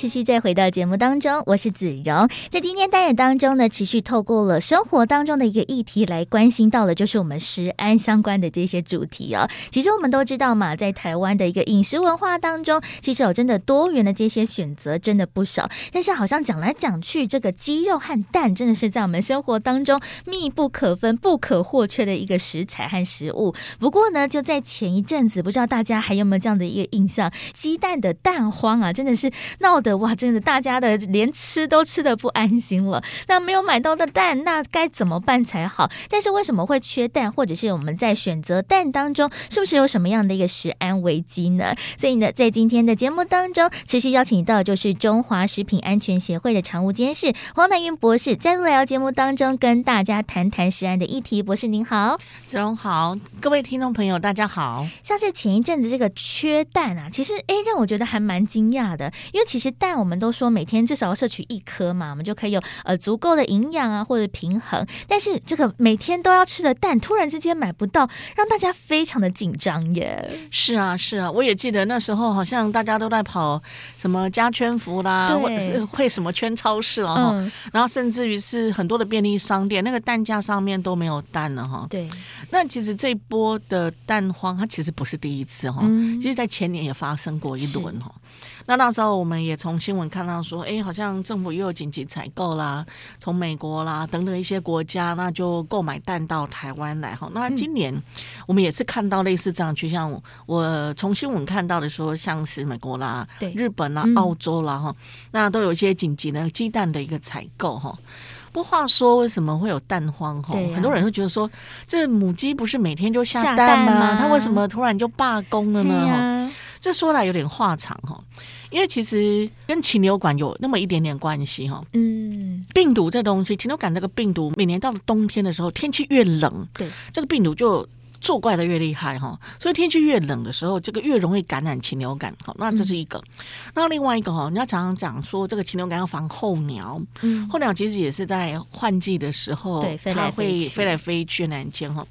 持續再回到節目當中，我是子榮。在今天單元當中呢，持續透過了生活當中的一個議題來關心到的，就是我們食安相關的這些主題哦。其實我們都知道嘛，在台灣的一個飲食文化當中，其實有真的多元的這些選擇，真的不少。但是好像講來講去，這個雞肉和蛋真的是在我們生活當中密不可分、不可或缺的一個食材和食物。不過呢，就在前一陣子，不知道大家還有沒有這樣的一個印象，雞蛋的蛋荒啊，真的是鬧得。哇，真的，大家的連吃都吃得不安心了。那沒有買到的蛋，那該怎麼辦才好？但是為什麼會缺蛋，或者是我們在選擇蛋當中，是不是有什麼樣的一個食安危機呢？所以呢，在今天的節目當中，持續邀請到就是中華食品安全協會的常務監事黃乃芸博士，在入聊節目當中，跟大家談談食安的議題。博士您好，子榮好，各位聽眾朋友大家好。像是前一陣子這個缺蛋啊，其實誒讓我覺得還蠻驚訝的，因為其實。蛋我們都說每天至少要攝取一顆嘛，我們就可以有呃足夠的營養啊，或者平衡。但是這個每天都要吃的蛋，突然之間買不到，讓大家非常的緊張耶。是啊，是啊，我也記得那時候好像大家都在跑什麼加圈服啦，會什麼圈超市啊，嗯，然後甚至於是很多的便利商店那個蛋架上面都沒有蛋了哈。對，那其實這一波的蛋荒它其實不是第一次哈，嗯，其實在前年也發生過一輪哈。那那時候我們也從新聞看到說，哎、欸，好像政府又有緊急採購啦，從美國啦等等一些國家，那就購買蛋到台灣來吼、嗯。那今年我們也是看到類似這樣，就像我從新聞看到的說，像是美國啦對、日本啦、澳洲啦吼、嗯，那都有一些緊急的雞蛋的一個採購吼。不過話說，為什麼會有蛋荒吼、啊？很多人會覺得說，這母雞不是每天就下蛋，下蛋嗎？它為什麼突然就罷工了呢？這說來有點話長哈，因為其實跟禽流感有那麼一點點關係哈。嗯，病毒這東西，禽流感這個病毒，每年到了冬天的時候，天氣越冷，對這個病毒就作怪的越厲害哈。所以天氣越冷的時候，這個越容易感染禽流感。那這是一個。那、嗯、另外一個哦，你要常常講說這個禽流感要防候鳥。嗯，候鳥其實也是在換季的時候，對飛來飛來飛去，飛來飛去南京哈。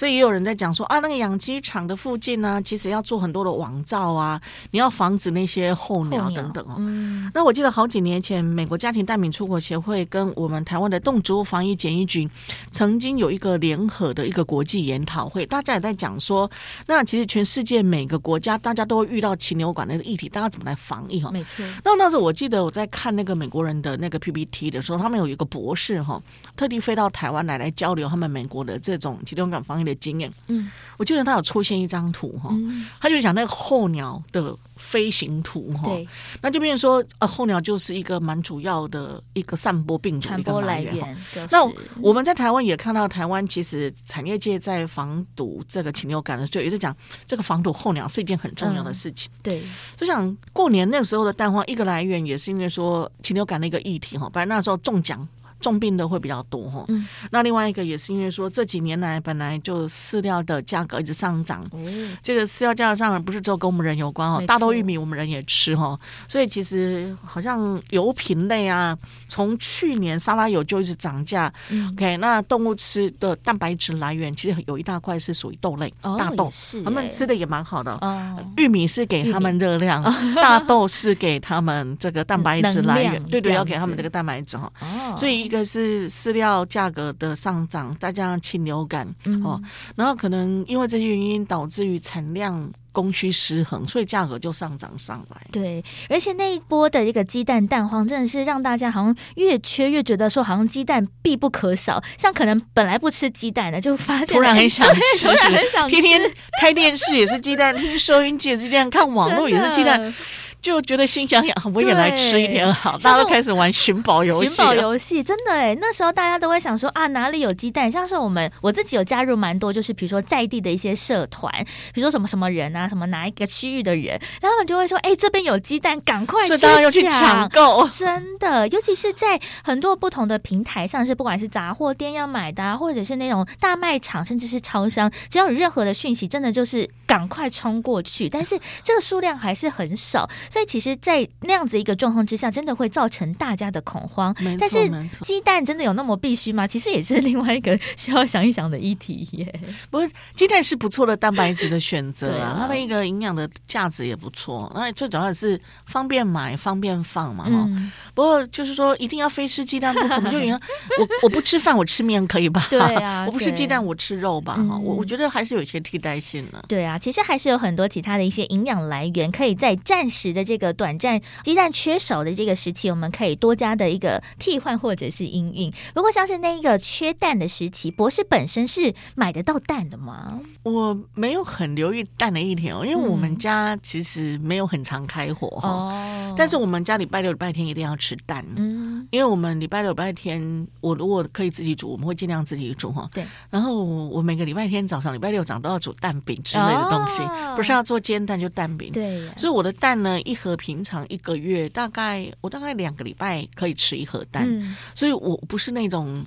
所以也有人在講說啊，那個養雞場的附近呢、啊，其實要做很多的網罩啊，你要防止那些候鳥等等哦、嗯。那我記得好幾年前，美國家庭帶名出國協會跟我們台灣的動植物防疫檢疫局曾經有一個聯合的一個國際研討會，大家也在講說，那其實全世界每個國家大家都會遇到禽流感的議題，大家怎麼來防疫哈？沒錯。那那時候我記得我在看那個美國人的那個 PPT 的時候，他們有一個博士哈，特地飛到台灣來來交流他們美國的這種禽流感防疫的。的經驗，嗯，我記得他有出現一張圖哈、嗯，他就講那個候鳥的飛行圖哈，那就變成說，呃、啊，候鳥就是一個蠻主要的一個散播病毒的、傳播來源、就是。那我們在台灣也看到，台灣其實產業界在防堵這個禽流感的時候，也是講這個防堵候鳥是一件很重要的事情。嗯、對，所以想過年那時候的蛋荒，一個來源也是因為說禽流感的一個議題哈，不然那時候中獎。重病的會比較多哈、嗯，那另外一個也是因為說這幾年來本來就飼料的價格一直上漲、哦，這個飼料價格上漲不是只有跟我們人有關哦。大豆、玉米我們人也吃哦，所以其實好像油品類啊，從去年沙拉油就一直漲價、嗯。OK，那動物吃的蛋白質來源其實有一大塊是屬於豆類，大豆、哦欸、他們吃的也蠻好的、哦。玉米是給他們熱量， 大豆是給他們這個蛋白質來源，對對，對，要給他們這個蛋白質哈、哦。所以一個是飼料價格的上漲，再加上禽流感哦、嗯，然後可能因為這些原因導致於產量供需失衡，所以價格就上漲上來。對，而且那一波的一個雞蛋蛋荒真的是讓大家好像越缺越覺得說好像雞蛋必不可少，像可能本來不吃雞蛋的就發現突然很想吃，突然很想吃，天天開電視也是雞蛋，聽 收音機也是雞蛋，看網絡也是雞蛋。就覺得心癢癢，我也來吃一點好，大家都開始玩尋寶遊戲啊。尋寶遊戲真的哎，那時候大家都會想說啊，哪裡有雞蛋？像是我們我自己有加入蠻多，就是比如說在地的一些社團，比如說什麼什麼人啊，什麼哪一個區域的人，然後他們就會說，哎，這邊有雞蛋，趕快大家去搶購。真的，尤其是在很多不同的平台上，是不管是雜貨店要買的啊，或者是那種大賣場，甚至是超商，只要有任何的訊息，真的就是趕快衝過去。但是這個數量還是很少。所以其實，在那樣子一個狀況之下，真的會造成大家的恐慌。但是雞蛋真的有那麼必須嗎？其實也是另外一個需要想一想的議題耶。不過，雞蛋是不錯的蛋白質的選擇啊， 對啊它的一個營養的價值也不錯。那、啊、最主要的是方便買、方便放嘛哈、嗯。不過就是說，一定要非吃雞蛋不可能？ 我就你說，我我不吃飯，我吃面可以吧？對啊，我不吃雞蛋，我吃肉吧哈。我、嗯、我覺得還是有一些替代性的。對啊，其實還是有很多其他的一些營養來源，可以在暫時的。這個短暫雞蛋缺少的這個時期，我們可以多加的一個替換或者是因應。不過像是那一個缺蛋的時期，博士本身是買得到蛋的嗎？我沒有很留意蛋的一天哦，因為我們家其實沒有很常開火哈、嗯。但是我們家禮拜六禮拜天一定要吃蛋，嗯，因為我們禮拜六禮拜天我如果可以自己煮，我們會盡量自己煮哈。對，然後我我每個禮拜天早上、禮拜六早上都要煮蛋餅之類的東西、哦，不是要做煎蛋就蛋餅，對、啊。所以我的蛋呢？一盒平常一個月大概，我大概兩個禮拜可以吃一盒蛋，嗯，所以我不是那種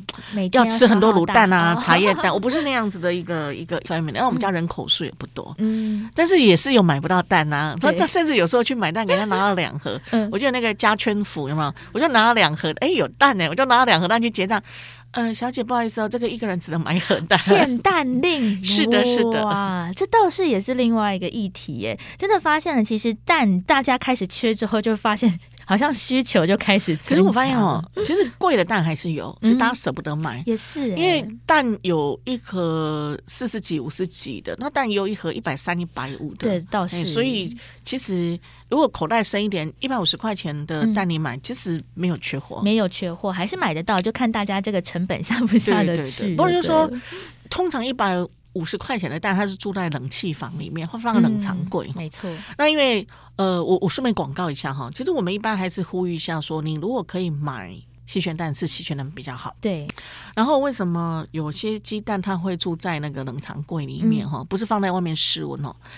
要吃很多滷蛋啊蛋茶葉蛋，哦，我不是那樣子的一個 一個方面。另外我們家人口數也不多，嗯，但是也是有買不到蛋啊。他，嗯，他甚至有時候去買蛋，給他拿了兩盒。我覺得那個家圈府，嗯，有沒有？我就拿了兩盒，哎，有蛋呢，欸，我就拿了兩盒蛋去結賬。呃，小姐，不好意思哦，這個一個人只能買一盒蛋。限蛋令 是的，是的，哇，這倒是也是另外一個議題耶。真的發現了，其實蛋大家開始缺之後，就發現。好像需求就開始，可是我發現哦、喔， 其實貴的蛋還是有，就大家捨不得買。嗯、也是、欸，因為蛋有一盒四十幾、五十幾的，那蛋也有一盒一百三、一百五的。對，倒是、欸。所以其實如果口袋深一點，一百五十塊錢的蛋你買，嗯、其實沒有缺貨，沒有缺貨，還是買得到。就看大家這個成本下不下得去。對對對對的，不就是說通常一百，五十塊錢的蛋，它是住在冷氣房裡面，會放在冷藏櫃，嗯。沒錯。那因為呃，我我順便廣告一下哈，其實我們一般還是呼籲一下說，你如果可以買新鮮蛋，是新鮮的比較好。對。然後為什麼有些雞蛋它會住在那個冷藏櫃裡面哈？不是放在外面室溫哦，嗯。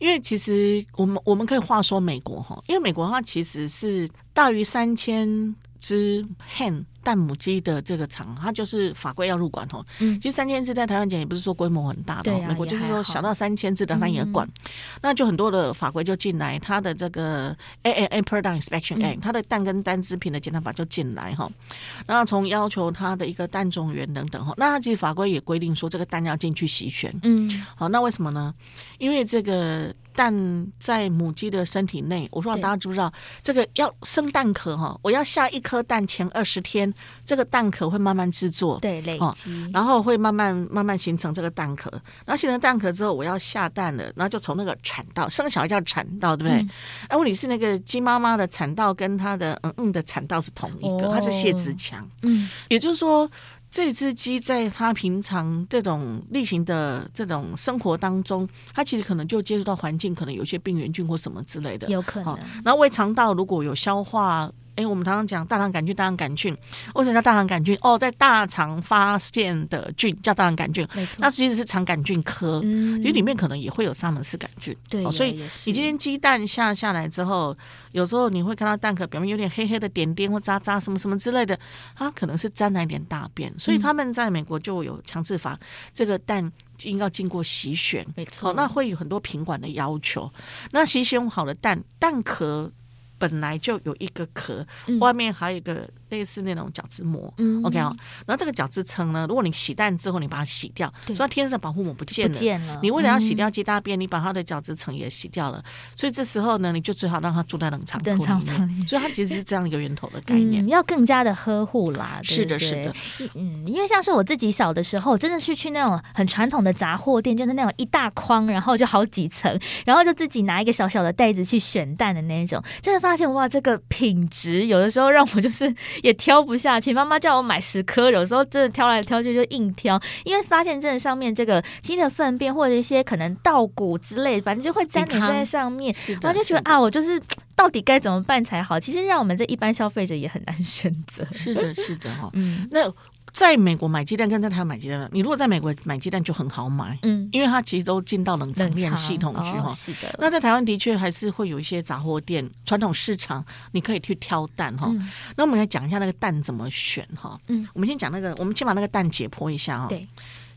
因為其實我們我們可以話說美國哈，因為美國它其實是大於三千只 hen 蛋母雞的這個廠，它就是法規要入管吼。其實三千隻在台灣講也不是說規模很大的，對啊，美國就是說小到三千隻的它也管，嗯，那就很多的法規就進來。它的這個 AAA Product Inspection Act，它的蛋跟蛋製品的檢查法就進來哈，嗯。然後從要求它的一個蛋種源等等哈，那它其實法規也規定說這個蛋要進去洗選。嗯，好，那為什麼呢？因為這個。但在母雞的身體內，我不知道大家知不知道，這個要生蛋殼哈，我要下一顆蛋前二十天，這個蛋殼會慢慢制作，對，累積，然後會慢慢慢慢形成這個蛋殼。然後形成蛋殼之後，我要下蛋了，然後就從那個產道，生小孩叫產道，對不對？哎、嗯，問題是那個雞媽媽的產道跟它的嗯嗯的產道是同一個，它、哦、是泄殖腔，嗯，也就是說。這只雞在它平常這種例行的這種生活當中，它其實可能就接觸到環境，可能有些病原菌或什麼之類的。有可能，然後胃腸道如果有消化。哎、欸，我們常常講大腸桿菌，大腸桿菌為什麼叫大腸桿菌？哦，在大腸發現的菌叫大腸桿菌，沒錯。那其實是腸桿菌科、嗯，其實裡面可能也會有沙門氏桿菌。對、啊哦，所以你今天雞蛋下下來之後，有時候你會看到蛋殼表面有點黑黑的點點或渣渣什麼什麼之類的，它可能是沾了一點大便。所以他們在美國就有強制法，這個蛋應該要經過洗選，沒錯、哦。那會有很多品管的要求。那洗選好的蛋，蛋殼。本來就有一個殼，外面還有一個。嗯類似那種角質膜，嗯，OK 哦。然後這個角質層呢，如果你洗蛋之後，你把它洗掉，所以它天上保護膜不見了、不見了。你為了要洗掉雞大便，嗯、你把它的角質層也洗掉了。所以這時候呢，你就只好讓它住在冷藏庫裡、冷藏庫裡。所以它其實是這樣一個源頭的概念，你 嗯、要更加的呵護啦對對。是的，是的，嗯，因為像是我自己小的時候，真的是去那種很傳統的雜貨店，就是那種一大筐，然後就好幾層，然後就自己拿一個小小的袋子去選蛋的那種，真的、就是發現哇，這個品質有的時候讓我就是。也挑不下去，媽媽叫我買十顆，有時候真的挑來挑去就硬挑，因為發現這上面這個雞的糞便或者一些可能稻穀之類，反正就會粘黏在上面，然後就覺得啊，我就是到底該怎麼辦才好？其實讓我們這一般消費者也很難選擇。是的，是的，哈， 嗯，那。在美國買雞蛋跟在台灣買雞蛋，你如果在美國買雞蛋就很好買，嗯，因為它其實都進到冷藏鏈系統去哈、哦。是的。哦、那在台灣的確還是會有一些雜貨店、傳統市場，你可以去挑蛋哈、嗯。那我們來講一下那個蛋怎麼選哈。嗯。我們先講那個，我們先把那個蛋解剖一下哈，對。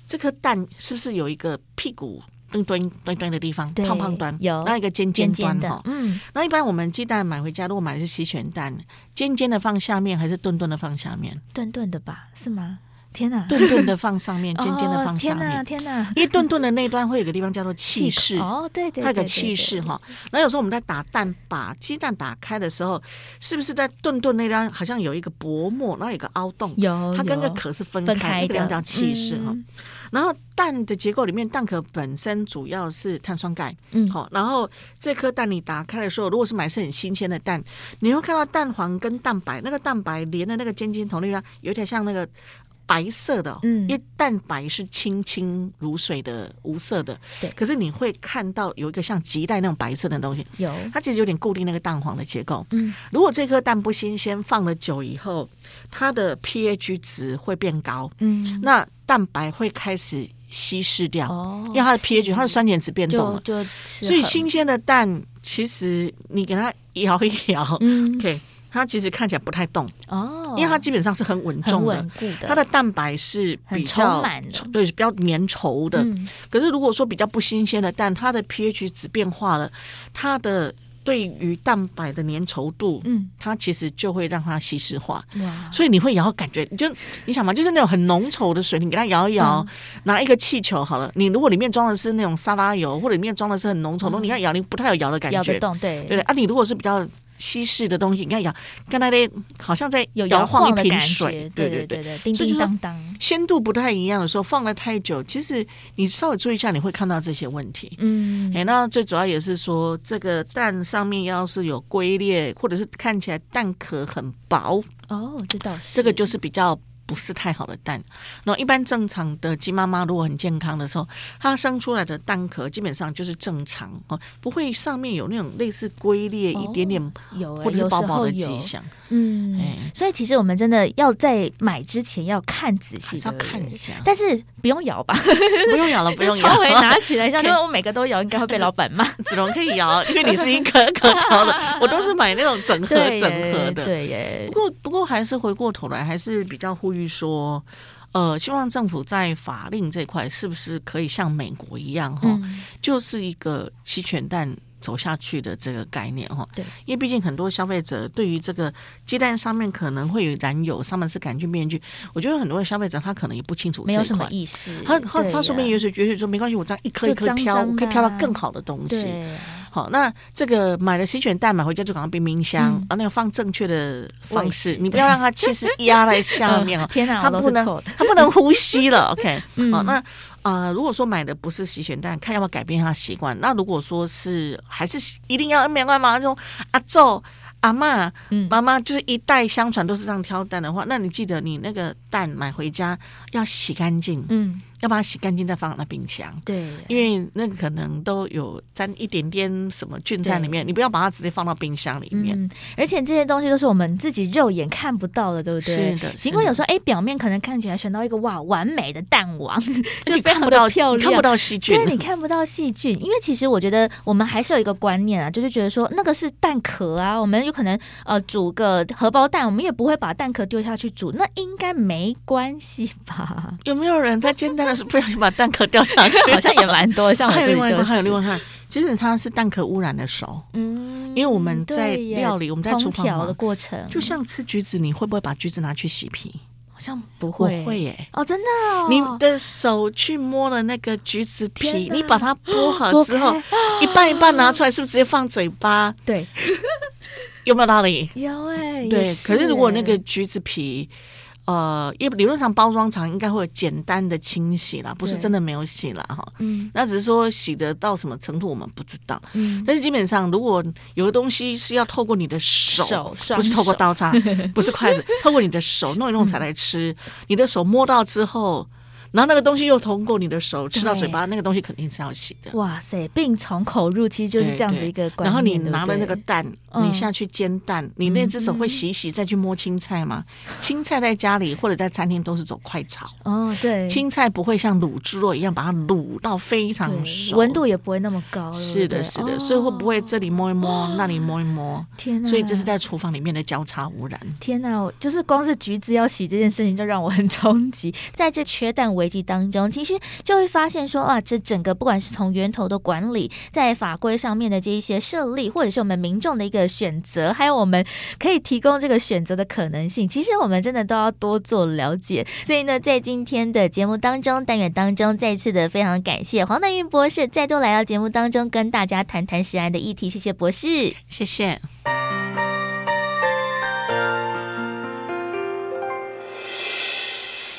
這顆蛋是不是有一個屁股？鈍鈍鈍鈍的地方，胖胖端，那一個尖尖端哈，嗯、哦，那一般我們雞蛋買回家，如果買的是洗選蛋，尖尖的放下面還是鈍鈍的放下面？鈍鈍的吧，是嗎？天哪，鈍鈍的放上面， 尖尖的放上面、哦。天哪，天哪！因為鈍鈍的那段會有一個地方叫做氣室 氣，哦，對對對，它有個氣室哈。那有時候我們在打蛋，把雞蛋打開的時候，是不是在鈍鈍那段好像有一個薄膜，然後有一個凹洞？有，有，它跟個殼是分開一，這叫氣室哈、嗯。然後蛋的結構裡面，蛋殼本身主要是碳酸鈣，嗯，好。然後這顆蛋你打開的時候，如果是買是很新鮮的蛋，你會看到蛋黃跟蛋白，那個蛋白連的那個尖尖頭那端，有點像那個。白色的，嗯，因為蛋白是清清如水的，無色的，對。可是你會看到有一個像臍帶那種白色的東西，有。它其實有點固定那個蛋黃的結構，嗯。如果這顆蛋不新鮮，放了久以後，它的 pH 值會變高，嗯。那蛋白會開始稀釋掉，哦。因為它的 pH，它的酸鹼值變動了，所以新鮮的蛋，其實你給它搖一搖，嗯，OK。它其實看起來不太動哦，oh, 因為它基本上是很穩重的，很穩固的。它的蛋白是比較滿，對，是比較粘稠的，嗯。可是如果說比較不新鮮的蛋，但它的 pH 值變化了，它的對於蛋白的粘稠度，嗯，它其實就會讓它稀釋化，嗯。所以你會搖感覺，就你想嘛，就是那種很濃稠的水，你給它搖一搖，嗯，拿一個氣球好了。你如果裡面裝的是那種沙拉油，或者裡面裝的是很濃稠的，的、嗯、你要搖，你不太有搖的感覺，搖得動，對對啊。你如果是比較。稀釋的東西，你看呀，跟那邊好像在搖晃一瓶水，對對對，對對對，叮叮噹噹，鮮度不太一樣的時候，放了太久，其實你稍微注意一下，你會看到這些問題。嗯，哎、欸，那最主要也是說，這個蛋上面要是有龜裂，或者是看起來蛋殼很薄，哦，這倒是，這個就是比較。不是太好的蛋。那一般正常的雞媽媽，如果很健康的時候，它生出來的蛋殼基本上就是正常哦，不會上面有那種類似龜裂一點點，哦、有、欸、或者是包包的跡象嗯。嗯，所以其實我們真的要在買之前要看仔細，看一下。但是不用搖吧， 不用搖了，不用搖。稍微拿起來一下，因為我每個都搖，應該會被老板罵。子龍可以搖， 因為你是一顆顆挑的，我都是買那種整盒整盒的。對欸，對欸，不過不過還是回過頭來，還是比較呼籲。據說，呃，希望政府在法令這塊是不是可以像美國一樣哈、嗯哦，就是一個洗選蛋走下去的這個概念哈？對，因為畢竟很多消費者對於這個雞蛋上面可能會有燃油，上面是感覺面具，我覺得很多的消費者他可能也不清楚，沒有什麼意思。他他、啊、他說不定有些覺得說沒關係，我這樣一顆一顆，髒髒、啊、一顆挑，我可以挑到更好的東西。好，那這個買了洗選蛋買回家就趕快冰,冰箱、嗯，啊，那個放正確的方式，你不要讓它氣勢壓在下面哦、 呃。天哪，他不能，他不能呼吸了。 OK，好，嗯、那啊、呃，如果說買的不是洗選蛋，看要不要改變他習慣。那如果說是還是一定要，明白嗎，那、就、種、是、阿祖阿嬤，媽、嗯、媽就是一代相傳都是這樣挑蛋的話，那你記得你那個蛋買回家要洗乾淨。嗯。要把它洗乾淨，再放到冰箱。對、啊，因為那個可能都有沾一點點什麼菌在裡面，你不要把它直接放到冰箱裡面、嗯。而且這些東西都是我們自己肉眼看不到的，對不對？是的。儘管有時候，哎，表面可能看起來選到一個哇完美的蛋黃，就 你看不到非常的漂亮，看不到細菌。對，你看不到細菌， 因為其實我覺得我們還是有一個觀念啊，就是覺得說那個是蛋殼啊，我們有可能呃煮個荷包蛋，我們也不會把蛋殼丟下去煮，那應該沒關係吧？有沒有人在煎蛋？ 但是不小心把蛋殼掉下去，好像也蠻多。 像我這種、就是， 還有另外一種，其實它是蛋殼污染的手。嗯，因為我們在料理，我們在廚房的過程，就像吃橘子，你會不會把橘子拿去洗皮？好像不會，不會耶、欸。哦，真的、哦，你的手去摸了那個橘子皮，你把它剝好之後， 一半一半拿出來，是不是直接放嘴巴？對， 有沒有道理？有哎、欸。對、欸，可是如果那個橘子皮。呃，因為理論上包裝廠應該會有簡單的清洗啦，不是真的沒有洗啦。哈。嗯，那只是說洗得到什麼程度我們不知道。嗯，但是基本上如果有的東西是要透過你的手，手手不是透過刀叉， 不是筷子， 透過你的手弄一弄才來吃，嗯、你的手摸到之後。然後那個東西又通過你的手吃到嘴巴，那個東西肯定是要洗的。哇塞，病從口入，其實就是這樣子一個，對對。然後你拿了那個蛋、嗯，你下去煎蛋，你那隻手會洗洗再去摸青菜嗎、嗯？青菜在家裡或者在餐廳都是走快炒哦，對。青菜不會像滷豬肉一樣把它滷到非常熟，溫度也不會那麼高了。是的，是的、哦。所以會不會這裡摸一摸，哦、那裡摸一摸？天吶。所以這是在廚房裡面的交叉污染。天吶，就是光是橘子要洗這件事情就讓我很衝擊。在這缺蛋危機當中，其實就會發現說啊，這整個不管是從源頭的管理，在法規上面的這一些設立，或者是我們民眾的一個選擇，還有我們可以提供這個選擇的可能性，其實我們真的都要多做了解。所以呢，在今天的節目當中，單元當中，再次的非常感謝黃乃芸博士再度來到節目當中跟大家談談食安的議題。謝謝博士，謝謝。